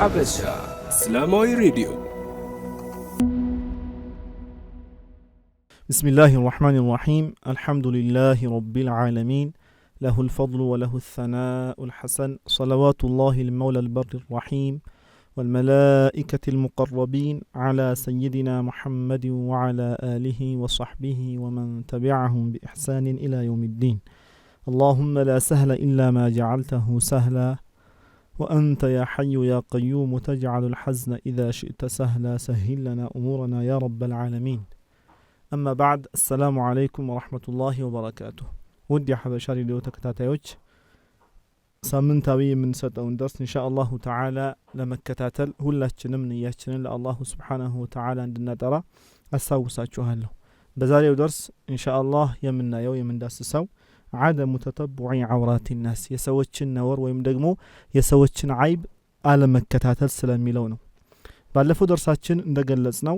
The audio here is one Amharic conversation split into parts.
ሐበሻ سلاموي ريديو بسم الله الرحمن الرحيم الحمد لله رب العالمين له الفضل وله الثناء الحسن صلوات الله المولى البر الرحيم والملائكة المقربين على سيدنا محمد وعلى آله وصحبه ومن تبعهم بإحسان إلى يوم الدين اللهم لا سهل إلا ما جعلته سهلا وأنت يا حي يا قيوم تجعل الحزن إذا شئت سهلا سهل لنا أمورنا يا رب العالمين أما بعد السلام عليكم ورحمة الله وبركاته ودي حبشاري ليوتك تاتيوش سامن تاوي من ست أون درس إن شاء الله تعالى لما كتاتل هلا تنمني يتنل الله سبحانه وتعالى عندنا ترى أساو ساتشو هلو بزاري درس إن شاء الله يمنا يوم يمن داس ساو ዓደሙ ተጠቡዒ ዓውራት ናስ የሰዎችን ነወር ወይም ደግሞ የሰዎችን አይብ አለመከታተል ስለሚለው ነው ባለፈው ደርሳችን እንደገለጽ ነው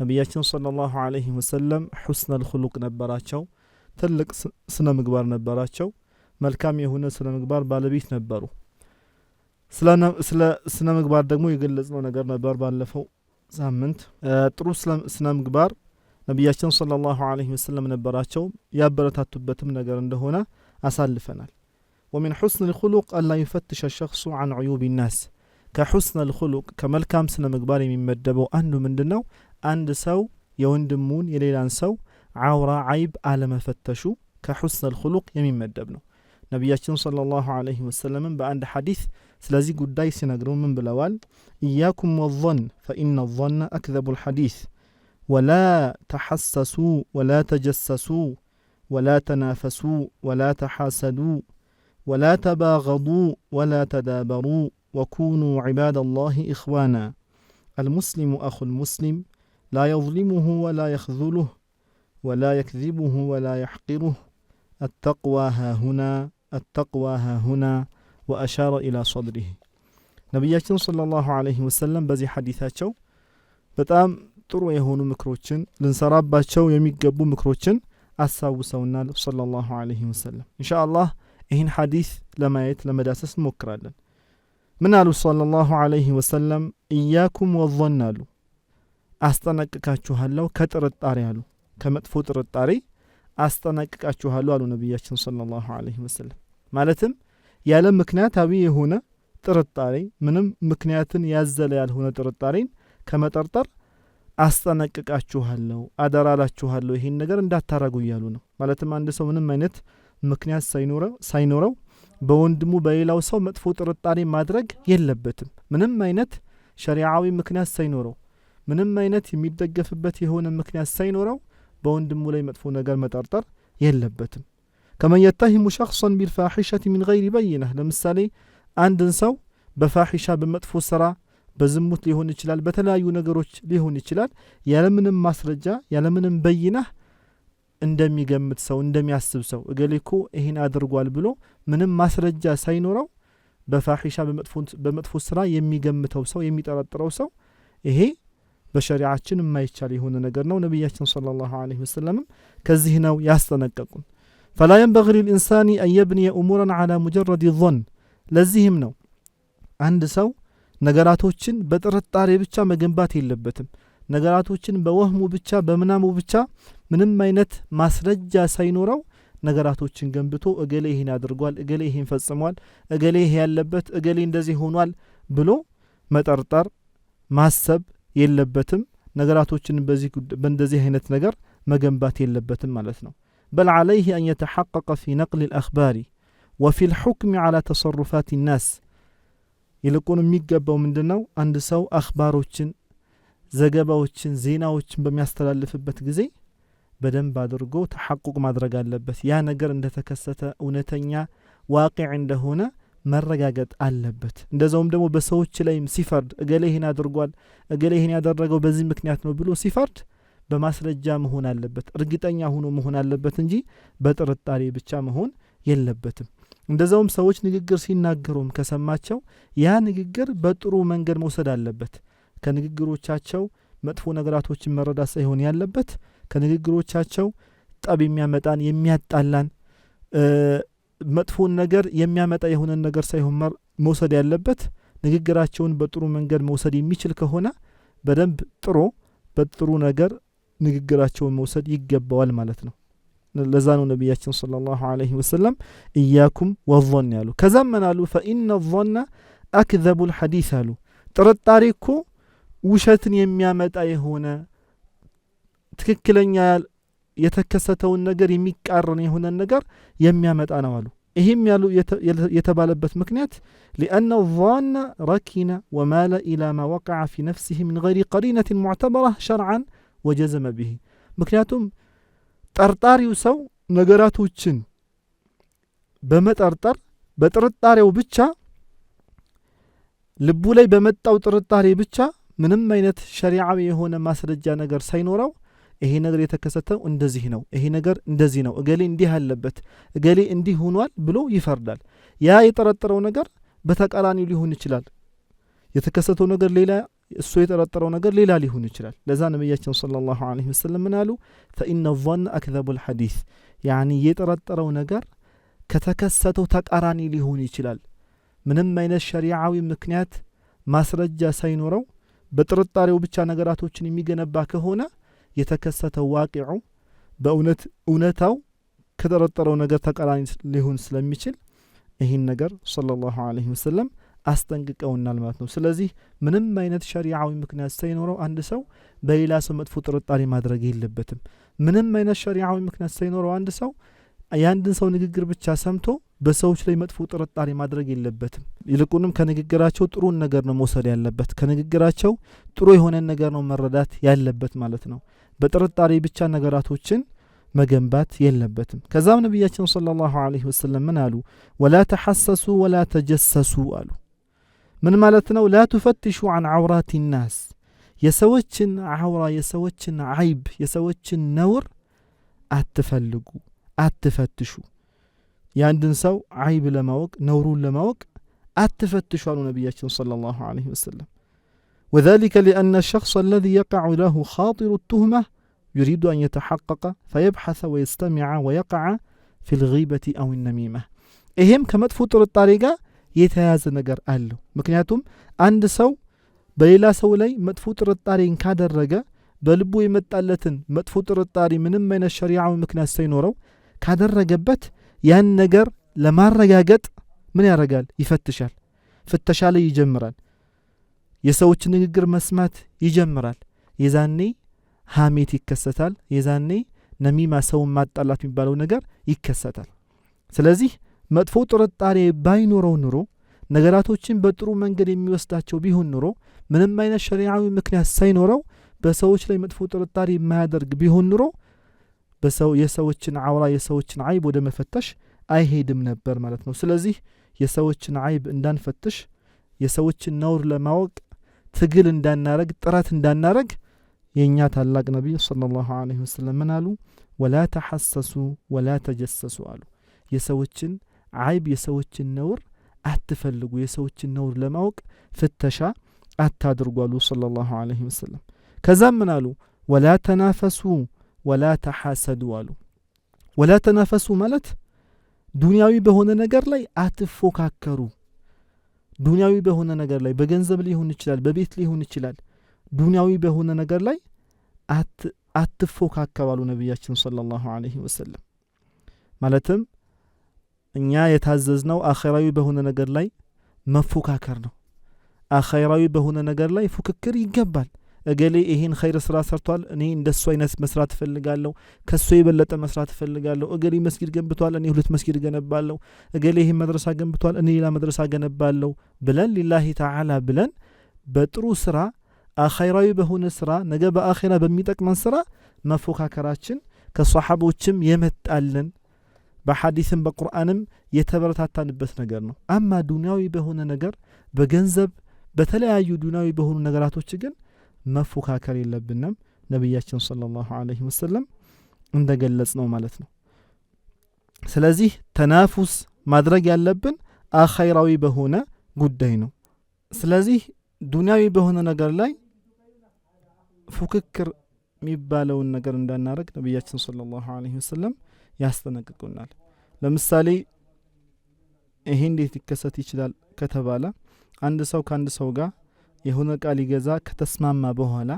ነቢያችን صለ ላሁ አለይህ ወሰለም ሑስነ ልኩሉቅ ነበራቸው ትልቅ ስነ ምግባር ነበራቸው መልካም የሆነ ስነ ምግባር ባለቤት ነበሩ ስለ ስነ ምግባር ደግሞ የገለጽነው ነገር ነበር ባለፈው ሳምንት ጥሩ ስነ ምግባር ነቢያችን ሰለላሁ ዐለይሂ ወሰለም ነበራቸው ያበረታቱበትም ነገር እንደሆነ አሳልፈናል። ወሚን ሑስን ልኹሉቅ አላ ዩፈትሸ ሸክሱ አን ዑዩብ ናስ። ከሑስን ልኹሉቅ ከመልካም ስነ ምግባር የሚመደበው አንዱ ምንድን ነው? አንድ ሰው የወንድሙን የሌላን ሰው አውራ አይብ አለመፈተሹ ከሑስን ልኹሉቅ የሚመደብ ነው። ነቢያችን ሰለላሁ ዐለይሂ ወሰለምም በአንድ ሐዲስ ስለዚህ ጉዳይ ሲነግሩ ምን ብለዋል? እያኩም ወዞን ፈኢነ ዘነ አክዘቡ ልሐዲስ ولا تحسسوا ولا تجسسوا ولا تنافسوا ولا تحاسدوا ولا تباغضوا ولا تدابروا وكونوا عباد الله إخوانا المسلم أخو المسلم لا يظلمه ولا يخذله ولا يكذبه ولا يحقره التقوى ها هنا التقوى ها هنا وأشار إلى صدره نبياتنا صلى الله عليه وسلم بزي حديثات شو بتام ጥሩ የሆኑ ምክሮችን ልንሰራባቸው የሚገቡ ምክሮችን አሳውሰውናል ሰለላሁ ዐለይሂ ወሰለም። እንሻ አላህ ይህን ሐዲስ ለማየት ለመዳሰስ እንሞክራለን። ምን አሉ ሰለላሁ አለይህ ወሰለም? እያኩም ወዘን አሉ፣ አስጠነቅቃችኋለሁ ከጥርጣሬ አሉ፣ ከመጥፎ ጥርጣሬ አስጠነቅቃችኋለሁ አሉ ነቢያችን ሰለላሁ ዐለይሂ ወሰለም። ማለትም ያለ ምክንያታዊ የሆነ ጥርጣሬ ምንም ምክንያትን ያዘለ ያልሆነ ጥርጣሬን ከመጠርጠር አስጠነቅቃችኋለሁ፣ አደራላችኋለሁ ይሄን ነገር እንዳታረጉ እያሉ ነው። ማለትም አንድ ሰው ምንም አይነት ምክንያት ሳይኖረው በወንድሙ በሌላው ሰው መጥፎ ጥርጣሬ ማድረግ የለበትም። ምንም አይነት ሸሪዓዊ ምክንያት ሳይኖረው፣ ምንም አይነት የሚደገፍበት የሆነ ምክንያት ሳይኖረው በወንድሙ ላይ መጥፎ ነገር መጠርጠር የለበትም። ከመን የተሂሙ ሸክሶን ቢልፋሒሸት ሚን ገይሪ በይነህ፣ ለምሳሌ አንድን ሰው በፋሒሻ በመጥፎ ስራ በዝሙት ሊሆን ይችላል፣ በተለያዩ ነገሮች ሊሆን ይችላል። ያለምንም ማስረጃ ያለምንም በይናህ እንደሚገምት ሰው እንደሚያስብ ሰው እገሌኮ ይህን አድርጓል ብሎ ምንም ማስረጃ ሳይኖረው በፋሒሻ በመጥፎ ስራ የሚገምተው ሰው የሚጠረጥረው ሰው ይሄ በሸሪዓችን የማይቻል የሆነ ነገር ነው። ነቢያችን ሰለላሁ ዐለይሂ ወሰለምም ከዚህ ነው ያስጠነቀቁን። ፈላ የንበጊ ልልኢንሳኒ አን የብንየ እሙራን ዐላ ሙጀረድ ዞን። ለዚህም ነው አንድ ሰው ነገራቶችን በጥርጣሬ ብቻ መገንባት የለበትም። ነገራቶችን በወህሙ ብቻ በምናሙ ብቻ ምንም አይነት ማስረጃ ሳይኖረው ነገራቶችን ገንብቶ እገሌ ይህን አድርጓል፣ እገሌ ይህን ፈጽሟል፣ እገሌ ይሄ ያለበት፣ እገሌ እንደዚህ ሆኗል ብሎ መጠርጠር ማሰብ የለበትም። ነገራቶችን በእንደዚህ አይነት ነገር መገንባት የለበትም ማለት ነው። በል ዓለይህ አን የተሐቀቀ ፊ ነቅል ልአኽባሪ ወፊ ልሑክም ዓላ ተሰሩፋት ናስ ይልቁን የሚገባው ምንድን ነው? አንድ ሰው አክባሮችን፣ ዘገባዎችን፣ ዜናዎችን በሚያስተላልፍበት ጊዜ በደንብ አድርጎ ተሐቁቅ ማድረግ አለበት። ያ ነገር እንደተከሰተ እውነተኛ ዋቂዕ እንደሆነ መረጋገጥ አለበት። እንደዛውም ደግሞ በሰዎች ላይም ሲፈርድ እገሌ ይህን አድርጓል፣ እገሌ ይህን ያደረገው በዚህ ምክንያት ነው ብሎ ሲፈርድ በማስረጃ መሆን አለበት። እርግጠኛ ሆኖ መሆን አለበት እንጂ በጥርጣሬ ብቻ መሆን የለበትም። እንደዛውም ሰዎች ንግግር ሲናገሩም ከሰማቸው ያ ንግግር በጥሩ መንገድ መውሰድ አለበት። ከንግግሮቻቸው መጥፎ ነገራቶችን መረዳት ሳይሆን ያለበት ከንግግሮቻቸው ጠብ የሚያመጣን የሚያጣላን መጥፎን ነገር የሚያመጣ የሆነን ነገር ሳይሆን መውሰድ ያለበት ንግግራቸውን በጥሩ መንገድ መውሰድ የሚችል ከሆነ በደንብ ጥሮ በጥሩ ነገር ንግግራቸውን መውሰድ ይገባዋል ማለት ነው። ለዛ ነው ነቢያችን صለ ላሁ ለ ወሰለም እያኩም ወظን ያሉ ከዛም ምን አሉ ፈኢነ ظና አክዘቡ ልሐዲስ አሉ ጥርጣሬ እኮ ውሸትን የሚያመጣ የሆነ ትክክለኛ የተከሰተውን ነገር የሚቃረን የሆነን ነገር የሚያመጣ ነው አሉ ይህም ያሉ የተባለበት ምክንያት ሊአነ ظና ረኪነ ወማለ ኢላ ማ ወቀዐ ፊ ነፍሲህ ምን ገይሪ ቀሪነትን ሙዕተበራ ሸርዓን ወጀዘመ ብሂ ምክንያቱም ጠርጣሪው ሰው ነገራቶችን በመጠርጠር በጥርጣሬው ብቻ ልቡ ላይ በመጣው ጥርጣሬ ብቻ ምንም አይነት ሸሪዓዊ የሆነ ማስረጃ ነገር ሳይኖረው ይሄ ነገር የተከሰተው እንደዚህ ነው፣ ይሄ ነገር እንደዚህ ነው፣ እገሌ እንዲህ አለበት፣ እገሌ እንዲህ ሆኗል ብሎ ይፈርዳል። ያ የጠረጠረው ነገር በተቃራኒው ሊሆን ይችላል። የተከሰተው ነገር ሌላ እሱ የጠረጠረው ነገር ሌላ ሊሆን ይችላል። ለዛ ነቢያችን ሰለላሁ ለ ወሰለም ምን አሉ? ፈኢነ ظን አክዘቡ ልሐዲስ ያኒ የጠረጠረው ነገር ከተከሰተው ተቃራኒ ሊሆን ይችላል። ምንም አይነት ሸሪዓዊ ምክንያት ማስረጃ ሳይኖረው በጥርጣሬው ብቻ ነገራቶችን የሚገነባ ከሆነ የተከሰተው ዋቂዑ በእውነት እውነታው ከጠረጠረው ነገር ተቃራኒ ሊሆን ስለሚችል ይህን ነገር ሰለላሁ ለ ወሰለም አስጠንቅቀውናል ማለት ነው። ስለዚህ ምንም አይነት ሸሪዓዊ ምክንያት ሳይኖረው አንድ ሰው በሌላ ሰው መጥፎ ጥርጣሬ ማድረግ የለበትም። ምንም አይነት ሸሪዓዊ ምክንያት ሳይኖረው አንድ ሰው የአንድን ሰው ንግግር ብቻ ሰምቶ በሰዎች ላይ መጥፎ ጥርጣሬ ማድረግ የለበትም። ይልቁንም ከንግግራቸው ጥሩን ነገር ነው መውሰድ ያለበት። ከንግግራቸው ጥሩ የሆነን ነገር ነው መረዳት ያለበት ማለት ነው። በጥርጣሬ ብቻ ነገራቶችን መገንባት የለበትም። ከዛም ነቢያችን ሰለላሁ ዐለይሂ ወሰለም ምን አሉ? ወላ ተሐሰሱ ወላ ተጀሰሱ አሉ። ምን ማለት ነው ላ ትፈትሹ አን ዐውራት ናስ የሰዎችን ዐውራ የሰዎችን ዐይብ የሰዎችን ነውር አትፈልጉ አትፈትሹ የአንድን ሰው ዐይብ ለማወቅ ነውሩን ለማወቅ አትፈትሹ አሉ ነቢያችን ሰለላሁ ዐለይሂ ወሰለም وذلك لأن الشخص الذي يقع له خاطر التهمة يريد أن يتحقق فيبحث ويستمع ويقع في الغيبة أو النميمة إهم كمدفو الطريقة የተያያዘ ነገር አለው። ምክንያቱም አንድ ሰው በሌላ ሰው ላይ መጥፎ ጥርጣሬን ካደረገ በልቡ የመጣለትን መጥፎ ጥርጣሬ ምንም አይነት ሸሪዓዊ ምክንያት ሳይኖረው ካደረገበት ያን ነገር ለማረጋገጥ ምን ያደርጋል? ይፈትሻል። ፍተሻ ላይ ይጀምራል። የሰዎች ንግግር መስማት ይጀምራል። የዛኔ ሀሜት ይከሰታል። የዛኔ ነሚማ ሰውን ማጣላት የሚባለው ነገር ይከሰታል። ስለዚህ መጥፎ ጥርጣሬ ባይኖረው ኑሮ ነገራቶችን በጥሩ መንገድ የሚወስዳቸው ቢሆን ኑሮ ምንም አይነት ሸሪዓዊ ምክንያት ሳይኖረው በሰዎች ላይ መጥፎ ጥርጣሬ የማያደርግ ቢሆን ኑሮ በሰው የሰዎችን አውራ የሰዎችን አይብ ወደ መፈተሽ አይሄድም ነበር ማለት ነው። ስለዚህ የሰዎችን አይብ እንዳንፈትሽ፣ የሰዎችን ነውር ለማወቅ ትግል እንዳናረግ፣ ጥረት እንዳናረግ የእኛ ታላቅ ነቢይ ሰለላሁ ዐለይሂ ወሰለም ምን አሉ? ወላ ተሐሰሱ ወላ ተጀሰሱ አሉ የሰዎችን አይብ የሰዎችን ነውር አትፈልጉ የሰዎችን ነውር ለማወቅ ፍተሻ አታድርጉ አሉ ሰለላሁ ዐለይሂ ወሰለም ከዛም ምን አሉ ወላ ተናፈሱ ወላ ተሐሰዱ አሉ ወላ ተናፈሱ ማለት ዱንያዊ በሆነ ነገር ላይ አትፎካከሩ ዱንያዊ በሆነ ነገር ላይ በገንዘብ ሊሆን ይችላል በቤት ሊሆን ይችላል ዱንያዊ በሆነ ነገር ላይ አትፎካከሩ አሉ ነቢያችን ሰለላሁ ዐለይሂ ወሰለም ማለትም እኛ የታዘዝነው አኼራዊ በሆነ ነገር ላይ መፎካከር ነው። አኼራዊ በሆነ ነገር ላይ ፉክክር ይገባል። እገሌ ይህን ኸይር ስራ ሰርቷል፣ እኔ እንደሱ አይነት መስራት እፈልጋለሁ፣ ከሱ የበለጠ መስራት እፈልጋለሁ። እገሌ መስጊድ ገንብቷል፣ እኔ ሁለት መስጊድ ገነባለሁ። እገሌ ይህን መድረሳ ገንብቷል፣ እኔ ሌላ መድረሳ ገነባለሁ ብለን ሊላሂ ተዓላ ብለን በጥሩ ስራ አኼራዊ በሆነ ስራ ነገ በአኼራ በሚጠቅመን ስራ መፎካከራችን ከሰሓቦችም የመጣልን በሐዲስም በቁርአንም የተበረታታንበት ነገር ነው። አማ ዱንያዊ በሆነ ነገር በገንዘብ በተለያዩ ዱንያዊ በሆኑ ነገራቶች ግን መፎካከር የለብንም። ነቢያችን ሰለላሁ ዐለይሂ ወሰለም እንደ ገለጽ ነው ማለት ነው። ስለዚህ ተናፉስ ማድረግ ያለብን አኸይራዊ በሆነ ጉዳይ ነው። ስለዚህ ዱንያዊ በሆነ ነገር ላይ ፉክክር የሚባለውን ነገር እንዳናረግ ነቢያችን ሰለላሁ ዐለይሂ ወሰለም ያስጠነቅቁናል። ለምሳሌ ይሄ እንዴት ሊከሰት ይችላል ከተባለ አንድ ሰው ከአንድ ሰው ጋር የሆነ እቃ ሊገዛ ከተስማማ በኋላ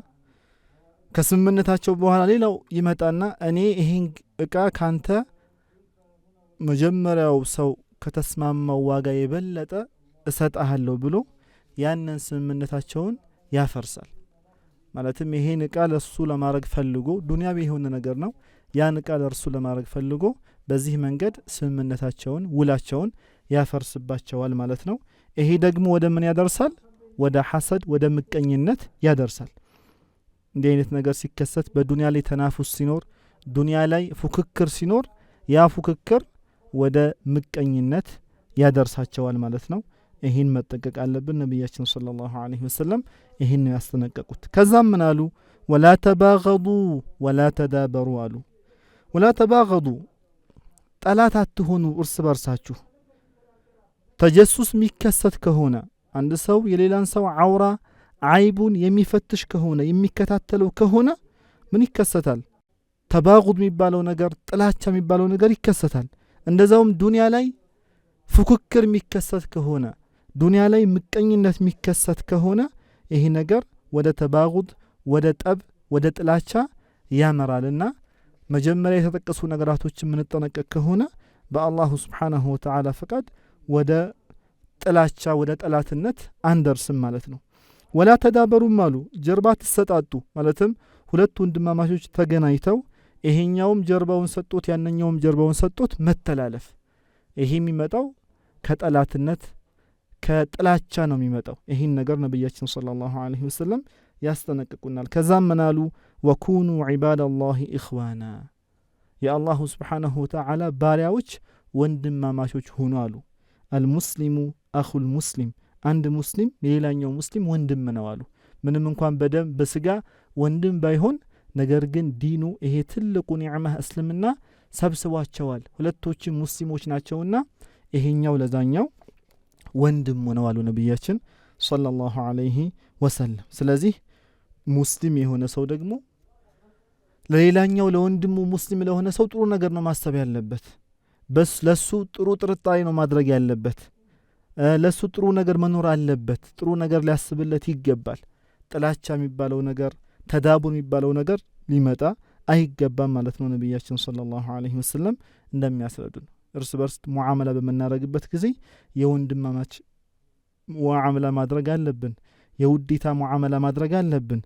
ከስምምነታቸው በኋላ ሌላው ይመጣና እኔ ይሄን እቃ ካንተ መጀመሪያው ሰው ከተስማማው ዋጋ የበለጠ እሰጥሃለሁ ብሎ ያንን ስምምነታቸውን ያፈርሳል። ማለትም ይሄን እቃ ለሱ ለማድረግ ፈልጎ ዱንያዊ የሆነ ነገር ነው ያን ቃል እርሱ ለማድረግ ፈልጎ በዚህ መንገድ ስምምነታቸውን፣ ውላቸውን ያፈርስባቸዋል ማለት ነው። ይሄ ደግሞ ወደ ምን ያደርሳል? ወደ ሐሰድ፣ ወደ ምቀኝነት ያደርሳል። እንዲህ አይነት ነገር ሲከሰት በዱንያ ላይ ተናፉስ ሲኖር፣ ዱንያ ላይ ፉክክር ሲኖር፣ ያ ፉክክር ወደ ምቀኝነት ያደርሳቸዋል ማለት ነው። ይህን መጠቀቅ አለብን። ነቢያችን ሰለላሁ ዐለይሂ ወሰለም ይህን ያስጠነቀቁት። ከዛም ምን አሉ? ወላ ተባገዱ ወላ ተዳበሩ አሉ። ወላ ተባገዱ ጠላት አትሆኑ እርስ በርሳችሁ። ተጀሱስ የሚከሰት ከሆነ አንድ ሰው የሌላን ሰው አውራ አይቡን የሚፈትሽ ከሆነ የሚከታተለው ከሆነ ምን ይከሰታል? ተባጉድ የሚባለው ነገር ጥላቻ የሚባለው ነገር ይከሰታል። እንደዛውም ዱንያ ላይ ፉክክር የሚከሰት ከሆነ ዱንያ ላይ ምቀኝነት የሚከሰት ከሆነ ይህ ነገር ወደ ተባጉድ፣ ወደ ጠብ፣ ወደ ጥላቻ ያመራልና መጀመሪያ የተጠቀሱ ነገራቶች የምንጠነቀቅ ከሆነ በአላሁ ስብሓናሁ ወተዓላ ፈቃድ ወደ ጥላቻ ወደ ጠላትነት አንደርስም ማለት ነው። ወላ ተዳበሩም አሉ ጀርባ ትሰጣጡ ማለትም ሁለት ወንድማማቾች ተገናኝተው ይሄኛውም ጀርባውን ሰጦት ያነኛውም ጀርባውን ሰጦት መተላለፍ ይሄ የሚመጣው ከጠላትነት ከጥላቻ ነው የሚመጣው። ይህን ነገር ነቢያችን ሰለላሁ ዐለይሂ ወሰለም ያስጠነቅቁናል። ከዛም ምናሉ ወኩኑ ዒባደላሂ እኽዋና የአላሁ ስብሓናሁ ወተዓላ ባሪያዎች ወንድማማቾች ሁኑ አሉ። አልሙስሊሙ አኹል ሙስሊም አንድ ሙስሊም የሌላኛው ሙስሊም ወንድም ነው አሉ። ምንም እንኳን በደም በስጋ ወንድም ባይሆን ነገር ግን ዲኑ ይሄ ትልቁ ኒዕማ እስልምና ሰብስቧቸዋል። ሁለቶችም ሙስሊሞች ናቸውና ይሄኛው ለዛኛው ወንድም ነው አሉ ነቢያችን ሰለላሁ ዐለይሂ ወሰለም። ስለዚህ ሙስሊም የሆነ ሰው ደግሞ ለሌላኛው ለወንድሙ ሙስሊም ለሆነ ሰው ጥሩ ነገር ነው ማሰብ ያለበት። ለሱ ጥሩ ጥርጣሬ ነው ማድረግ ያለበት። ለሱ ጥሩ ነገር መኖር አለበት። ጥሩ ነገር ሊያስብለት ይገባል። ጥላቻ የሚባለው ነገር ተዳቡር የሚባለው ነገር ሊመጣ አይገባም ማለት ነው። ነቢያችን ሰለላሁ ዐለይሂ ወሰለም እንደሚያስረዱን እርስ በርስ ሙዓመላ በምናደርግበት ጊዜ የወንድማማች ሙዓመላ ማድረግ አለብን። የውዴታ ሙዓመላ ማድረግ አለብን።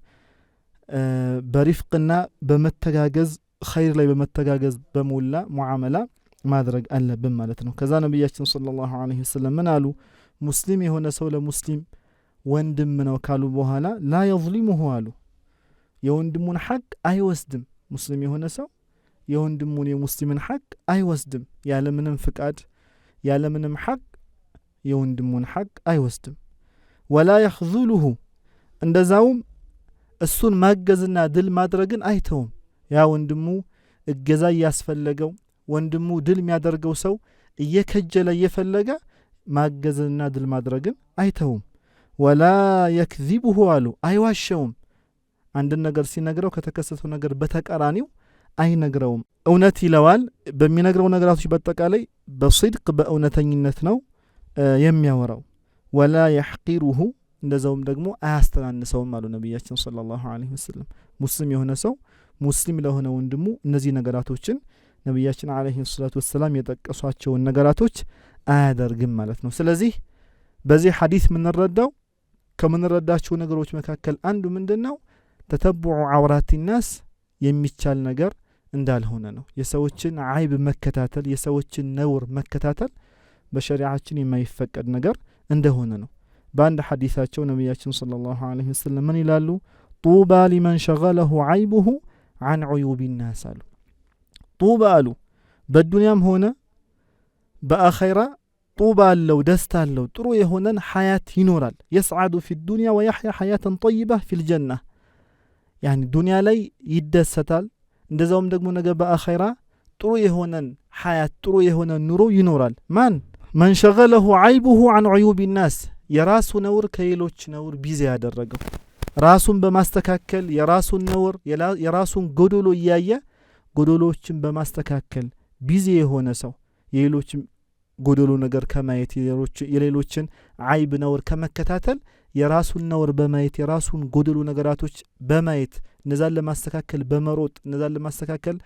በሪፍቅና በመተጋገዝ ኸይር ላይ በመተጋገዝ በሞላ ሙዓመላ ማድረግ አለብን ማለት ነው። ከዛ ነቢያችን ሰለላሁ ዐለይሂ ወሰለም ምን አሉ? ሙስሊም የሆነ ሰው ለሙስሊም ወንድም ነው ካሉ በኋላ ላ የዝሊሙሁ አሉ። የወንድሙን ሐቅ አይወስድም። ሙስሊም የሆነ ሰው የወንድሙን የሙስሊምን ሐቅ አይወስድም። ያለምንም ፍቃድ ያለምንም ሐቅ የወንድሙን ሐቅ አይወስድም። ወላ የኽዙሉሁ እንደዛውም እሱን ማገዝና ድል ማድረግን አይተውም። ያ ወንድሙ እገዛ እያስፈለገው ወንድሙ ድል የሚያደርገው ሰው እየከጀለ እየፈለገ ማገዝና ድል ማድረግን አይተውም። ወላ የክዚቡሁ አሉ አይዋሸውም። አንድን ነገር ሲነግረው ከተከሰተው ነገር በተቃራኒው አይነግረውም። እውነት ይለዋል። በሚነግረው ነገራቶች በአጠቃላይ በስድቅ በእውነተኝነት ነው የሚያወራው። ወላ የሕቂሩሁ እንደዛውም ደግሞ አያስተናንሰውም አሉ ነቢያችን ሰለላሁ ዐለይሂ ወሰለም። ሙስሊም የሆነ ሰው ሙስሊም ለሆነ ወንድሙ እነዚህ ነገራቶችን ነቢያችን ዐለይሂ ሰላቱ ወሰላም የጠቀሷቸውን ነገራቶች አያደርግም ማለት ነው። ስለዚህ በዚህ ሐዲስ የምንረዳው ከምንረዳቸው ነገሮች መካከል አንዱ ምንድን ነው? ተተቡዑ ዐውራቲ ናስ የሚቻል ነገር እንዳልሆነ ነው። የሰዎችን አይብ መከታተል፣ የሰዎችን ነውር መከታተል በሸሪዓችን የማይፈቀድ ነገር እንደሆነ ነው። በአንድ ሐዲታቸው ነቢያችን ሰለላሁ ዐለይሂ ወሰለም ምን ይላሉ? ጡባ ሊመን ሸገለሁ ዓይቡሁ አን ዑዩብ ናስ አሉ። ጡባ አሉ በዱንያም ሆነ በአኸይራ ጡባ አለው ደስታ አለው ጥሩ የሆነን ሐያት ይኖራል። የስዓዱ ፊ ዱንያ ወያሕያ ሐያተን ጠይባ ፊልጀና ልጀና ያኒ ዱንያ ላይ ይደሰታል። እንደዛውም ደግሞ ነገ በአኸይራ ጥሩ የሆነን ሐያት ጥሩ የሆነን ኑሮ ይኖራል። ማን መንሸገለሁ ዓይቡሁ አን ዑዩብ ናስ የራሱ ነውር ከሌሎች ነውር ቢዚ ያደረገው ራሱን በማስተካከል የራሱን ነውር የራሱን ጎዶሎ እያየ ጎዶሎዎችን በማስተካከል ቢዚ የሆነ ሰው የሌሎችን ጎዶሎ ነገር ከማየት የሌሎችን አይብ ነውር ከመከታተል የራሱን ነውር በማየት የራሱን ጎደሎ ነገራቶች በማየት እነዛን ለማስተካከል በመሮጥ እነዛን ለማስተካከል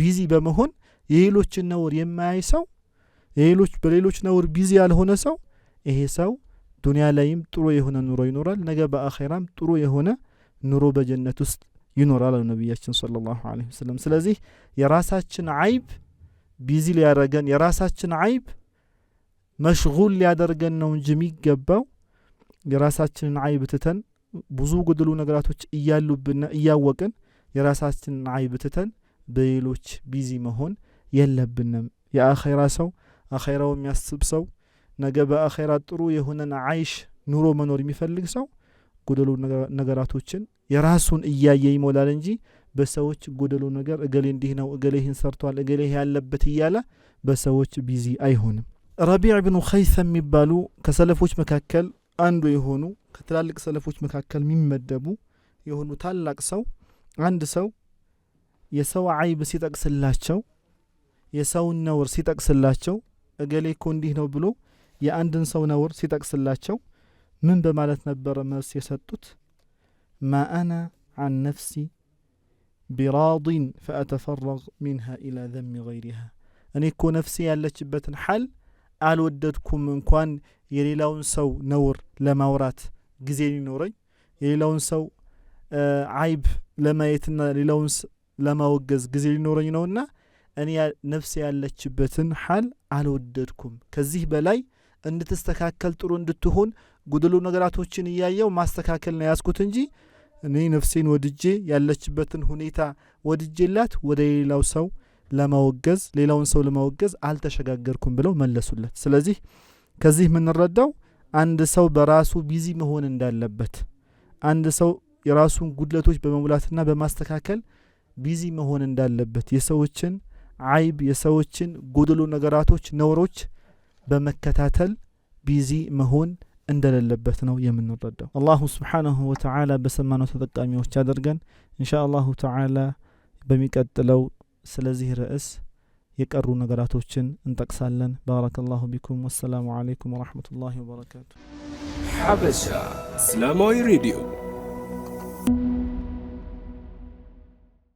ቢዚ በመሆን የሌሎችን ነውር የማያይ ሰው የሌሎች በሌሎች ነውር ቢዚ ያልሆነ ሰው ይሄ ሰው ዱንያ ላይም ጥሩ የሆነ ኑሮ ይኖራል። ነገ በአኼራም ጥሩ የሆነ ኑሮ በጀነት ውስጥ ይኖራል አሉ ነቢያችን ሰለላሁ ዐለይሂ ወሰለም። ስለዚህ የራሳችን አይብ ቢዚ ሊያደርገን የራሳችን አይብ መሽጉል ሊያደርገን ነው እንጂ የሚገባው የራሳችንን አይብ ትተን ብዙ ጉድሉ ነገራቶች እያሉብን እያወቅን የራሳችንን አይብ ትተን በሌሎች ቢዚ መሆን የለብንም። የአኼራ ሰው አኼራው የሚያስብ ሰው ነገ በአኼራ ጥሩ የሆነን አይሽ ኑሮ መኖር የሚፈልግ ሰው ጎደሎ ነገራቶችን የራሱን እያየ ይሞላል እንጂ በሰዎች ጎደሎ ነገር እገሌ እንዲህ ነው፣ እገሌ ይህን ሰርቷል፣ እገሌ ያለበት እያለ በሰዎች ቢዚ አይሆንም። ረቢዕ ብኑ ኸይሰ የሚባሉ ከሰለፎች መካከል አንዱ የሆኑ ከትላልቅ ሰለፎች መካከል የሚመደቡ የሆኑ ታላቅ ሰው አንድ ሰው የሰው አይብ ሲጠቅስላቸው የሰውን ነውር ሲጠቅስላቸው እገሌ እኮ እንዲህ ነው ብሎ የአንድን ሰው ነውር ሲጠቅስላቸው ምን በማለት ነበረ መልስ የሰጡት? ማ አና አን ነፍሲ ቢራዲን ፈአተፈረግ ሚንሃ ኢላ ዘሚ ገይሪሃ እኔ እኮ ነፍሴ ያለችበትን ሓል አልወደድኩም እንኳን የሌላውን ሰው ነውር ለማውራት ጊዜ ሊኖረኝ የሌላውን ሰው አይብ ለማየትና ሌላውን ለማወገዝ ጊዜ ሊኖረኝ ነውና እኔ ነፍሴ ያለችበትን ሓል አልወደድኩም ከዚህ በላይ እንድትስተካከል ጥሩ እንድትሆን ጉድሉ ነገራቶችን እያየው ማስተካከል ነው ያዝኩት እንጂ እኔ ነፍሴን ወድጄ ያለችበትን ሁኔታ ወድጄላት ወደ ሌላው ሰው ለማወገዝ ሌላውን ሰው ለማወገዝ አልተሸጋገርኩም ብለው መለሱለት። ስለዚህ ከዚህ የምንረዳው አንድ ሰው በራሱ ቢዚ መሆን እንዳለበት፣ አንድ ሰው የራሱን ጉድለቶች በመሙላትና በማስተካከል ቢዚ መሆን እንዳለበት፣ የሰዎችን አይብ የሰዎችን ጎደሎ ነገራቶች ነውሮች በመከታተል ቢዚ መሆን እንደሌለበት ነው የምንረዳው። አላሁ ስብሓንሁ ወተዓላ በሰማነው ተጠቃሚዎች አድርገን እንሻ አላሁ ተዓላ በሚቀጥለው ስለዚህ ርዕስ የቀሩ ነገራቶችን እንጠቅሳለን። ባረከላሁ ቢኩም። ወሰላሙ ዓለይኩም ወረሕመቱላሂ ወበረካቱ። ሐበሻ እስላማዊ ሬዲዮ